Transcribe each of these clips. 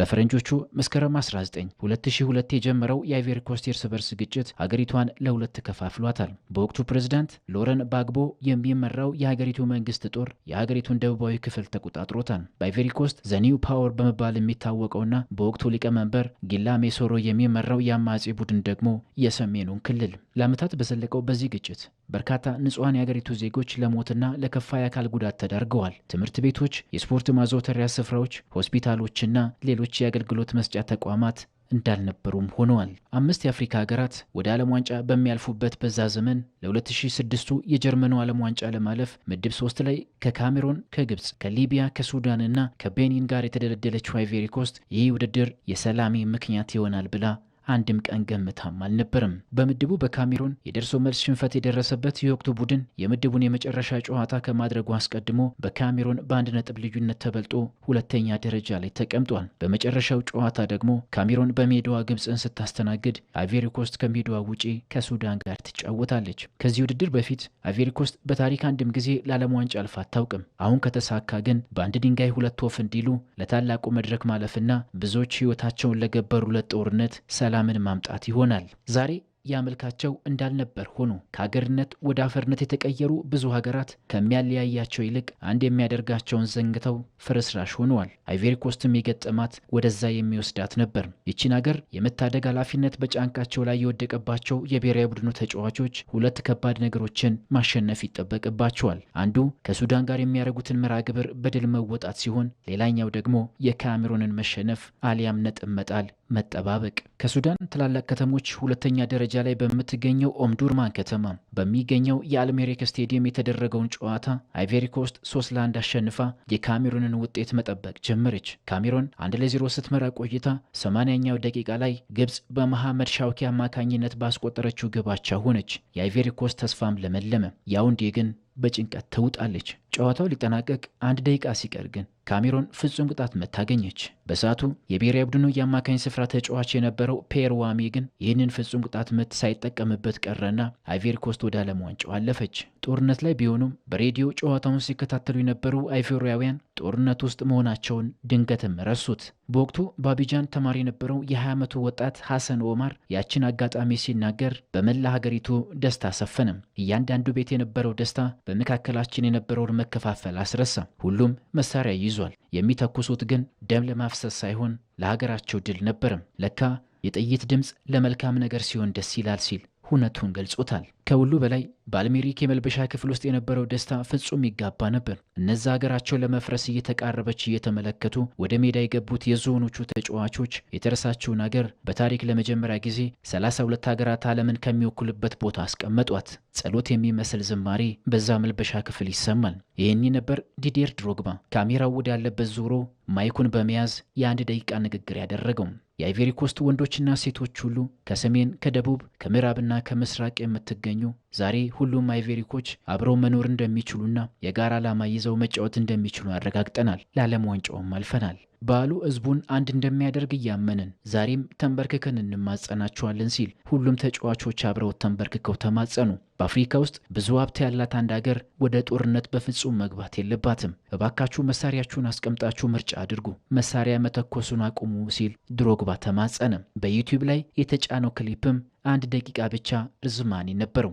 በፈረንጆቹ መስከረም 19 2002 የጀመረው የአይቬሪ ኮስት የእርስ በርስ ግጭት ሀገሪቷን ለሁለት ከፋፍሏታል። በወቅቱ ፕሬዝዳንት ሎረን ባግቦ የሚመራው የሀገሪቱ መንግስት ጦር የሀገሪቱን ደቡባዊ ክፍል ተቆጣጥሮታል። በአይቬሪ ኮስት ዘኒው ፓወር በመባል የሚታወቀውና በወቅቱ ሊቀመንበር ጊላ ሜሶሮ የሚመራው የአማጺ ቡድን ደግሞ የሰሜኑን ክልል ለአመታት በዘለቀው በዚህ ግጭት በርካታ ንጹሐን የአገሪቱ ዜጎች ለሞትና ለከፋ የአካል ጉዳት ተዳርገዋል። ትምህርት ቤቶች፣ የስፖርት ማዘውተሪያ ስፍራዎች፣ ሆስፒታሎችና ሌሎች የአገልግሎት መስጫ ተቋማት እንዳልነበሩም ሆነዋል። አምስት የአፍሪካ ሀገራት ወደ ዓለም ዋንጫ በሚያልፉበት በዛ ዘመን ለ2006ቱ የጀርመኑ ዓለም ዋንጫ ለማለፍ ምድብ ሶስት ላይ ከካሜሮን፣ ከግብፅ፣ ከሊቢያ፣ ከሱዳንና ከቤኒን ጋር የተደለደለችው አይቬሪ ኮስት ይህ ውድድር የሰላሜ ምክንያት ይሆናል ብላ አንድም ቀን ገምታም አልነበርም። በምድቡ በካሜሮን የደርሶ መልስ ሽንፈት የደረሰበት የወቅቱ ቡድን የምድቡን የመጨረሻ ጨዋታ ከማድረጉ አስቀድሞ በካሜሮን በአንድ ነጥብ ልዩነት ተበልጦ ሁለተኛ ደረጃ ላይ ተቀምጧል። በመጨረሻው ጨዋታ ደግሞ ካሜሮን በሜዳዋ ግብፅን ስታስተናግድ አቬሪኮስት ከሜዳዋ ውጪ ከሱዳን ጋር ትጫወታለች። ከዚህ ውድድር በፊት አቬሪኮስት በታሪክ አንድም ጊዜ ለዓለም ዋንጫ አልፋ አታውቅም። አሁን ከተሳካ ግን በአንድ ድንጋይ ሁለት ወፍ እንዲሉ ለታላቁ መድረክ ማለፍና ብዙዎች ህይወታቸውን ለገበሩለት ጦርነት ሰላም ሰላምን ማምጣት ይሆናል። ዛሬ ያመልካቸው እንዳልነበር ሆኑ። ከሀገርነት ወደ አፈርነት የተቀየሩ ብዙ ሀገራት ከሚያለያያቸው ይልቅ አንድ የሚያደርጋቸውን ዘንግተው ፍርስራሽ ሆነዋል። አይቬሪኮስትም የገጠማት ወደዛ የሚወስዳት ነበር። ይቺን ሀገር የመታደግ ኃላፊነት በጫንቃቸው ላይ የወደቀባቸው የብሔራዊ ቡድኑ ተጫዋቾች ሁለት ከባድ ነገሮችን ማሸነፍ ይጠበቅባቸዋል። አንዱ ከሱዳን ጋር የሚያደርጉትን መርሃ ግብር በድል መወጣት ሲሆን፣ ሌላኛው ደግሞ የካሜሮንን መሸነፍ አሊያም ነጥብ መጣል መጠባበቅ ከሱዳን ትላላቅ ከተሞች ሁለተኛ ደረጃ ደረጃ ላይ በምትገኘው ኦምዱርማን ከተማ በሚገኘው የአልሜሪክ ስቴዲየም የተደረገውን ጨዋታ አይቬሪኮስት ሶስት ለአንድ አሸንፋ የካሜሩንን ውጤት መጠበቅ ጀመረች። ካሜሩን አንድ ለዜሮ ስትመራ ቆይታ ሰማንያኛው ደቂቃ ላይ ግብፅ በመሐመድ ሻውኪ አማካኝነት ባስቆጠረችው ግባቻ ሆነች። የአይቬሪኮስት ተስፋም ለመለመ። ያውንዴ ግን በጭንቀት ተውጣለች። ጨዋታው ሊጠናቀቅ አንድ ደቂቃ ሲቀር ግን ካሜሮን ፍጹም ቅጣት መታገኘች። አገኘች። በሰዓቱ የብሔራዊ ቡድኑ የአማካኝ ስፍራ ተጫዋች የነበረው ፔር ዋሚ ግን ይህንን ፍጹም ቅጣት ምት ሳይጠቀምበት ቀረና አይቬሪ ኮስት ወደ ዓለም ዋንጫው አለፈች። ጦርነት ላይ ቢሆኑም በሬዲዮ ጨዋታውን ሲከታተሉ የነበሩ አይቬሪያውያን ጦርነት ውስጥ መሆናቸውን ድንገትም ረሱት። በወቅቱ በአቢጃን ተማሪ የነበረው የ20 ዓመቱ ወጣት ሐሰን ኦማር ያችን አጋጣሚ ሲናገር በመላ ሀገሪቱ ደስታ ሰፈንም። እያንዳንዱ ቤት የነበረው ደስታ በመካከላችን የነበረው መከፋፈል አስረሳ። ሁሉም መሳሪያ ይዟል። የሚተኩሱት ግን ደም ለማፍሰስ ሳይሆን ለሀገራቸው ድል ነበርም። ለካ የጥይት ድምፅ ለመልካም ነገር ሲሆን ደስ ይላል ሲል ሁነቱን ገልጾታል። ከሁሉ በላይ በአልሜሪክ የመልበሻ ክፍል ውስጥ የነበረው ደስታ ፍጹም ይጋባ ነበር። እነዛ ሀገራቸው ለመፍረስ እየተቃረበች እየተመለከቱ ወደ ሜዳ የገቡት የዞኖቹ ተጫዋቾች የተረሳችውን ሀገር በታሪክ ለመጀመሪያ ጊዜ 32 ሀገራት ዓለምን ከሚወክሉበት ቦታ አስቀመጧት። ጸሎት የሚመስል ዝማሬ በዛ መልበሻ ክፍል ይሰማል። ይህኒ ነበር ዲዴር ድሮግባ ካሜራው ወዳለበት ዞሮ ማይኩን በመያዝ የአንድ ደቂቃ ንግግር ያደረገው። የአይቬሪ ኮስት ወንዶችና ሴቶች ሁሉ ከሰሜን፣ ከደቡብ፣ ከምዕራብና ከምስራቅ የምትገኙ ዛሬ ሁሉም አይቬሪኮች አብረው መኖር እንደሚችሉና የጋራ ዓላማ ይዘው መጫወት እንደሚችሉ አረጋግጠናል። ለዓለም ዋንጫውም አልፈናል። በዓሉ ህዝቡን አንድ እንደሚያደርግ እያመንን ዛሬም ተንበርክከን እንማጸናቸዋለን ሲል ሁሉም ተጫዋቾች አብረው ተንበርክከው ተማጸኑ። በአፍሪካ ውስጥ ብዙ ሀብት ያላት አንድ ሀገር ወደ ጦርነት በፍጹም መግባት የለባትም። እባካችሁ መሳሪያችሁን አስቀምጣችሁ ምርጫ አድርጉ፣ መሳሪያ መተኮሱን አቁሙ ሲል ድሮግባ ተማጸነ። በዩቲዩብ ላይ የተጫነው ክሊፕም አንድ ደቂቃ ብቻ ርዝማኔ ነበረው።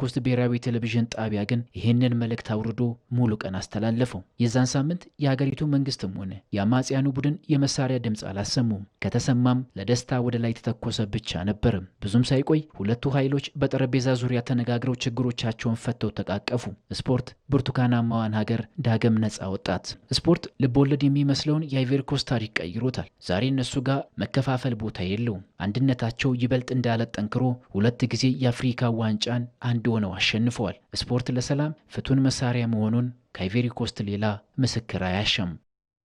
ኮስት ብሔራዊ ቴሌቪዥን ጣቢያ ግን ይህንን መልእክት አውርዶ ሙሉ ቀን አስተላለፈው። የዛን ሳምንት የአገሪቱ መንግስትም ሆነ የአማጽያኑ ቡድን የመሳሪያ ድምፅ አላሰሙም። ከተሰማም ለደስታ ወደ ላይ የተተኮሰ ብቻ ነበርም። ብዙም ሳይቆይ ሁለቱ ኃይሎች በጠረጴዛ ዙሪያ ተነጋግረው ችግሮቻቸውን ፈተው ተቃቀፉ። ስፖርት ብርቱካናማዋን ሀገር ዳግም ነፃ ወጣት። ስፖርት ልቦወለድ የሚመስለውን የአይቬሪኮስት ታሪክ ቀይሮታል። ዛሬ እነሱ ጋር መከፋፈል ቦታ የለውም። አንድነታቸው ይበልጥ እንዳለጠ ጠንክሮ ሁለት ጊዜ የአፍሪካ ዋንጫን አንድ ሆነው አሸንፈዋል። ስፖርት ለሰላም ፍቱን መሳሪያ መሆኑን ከአይቬሪኮስት ሌላ ምስክር አያሸም።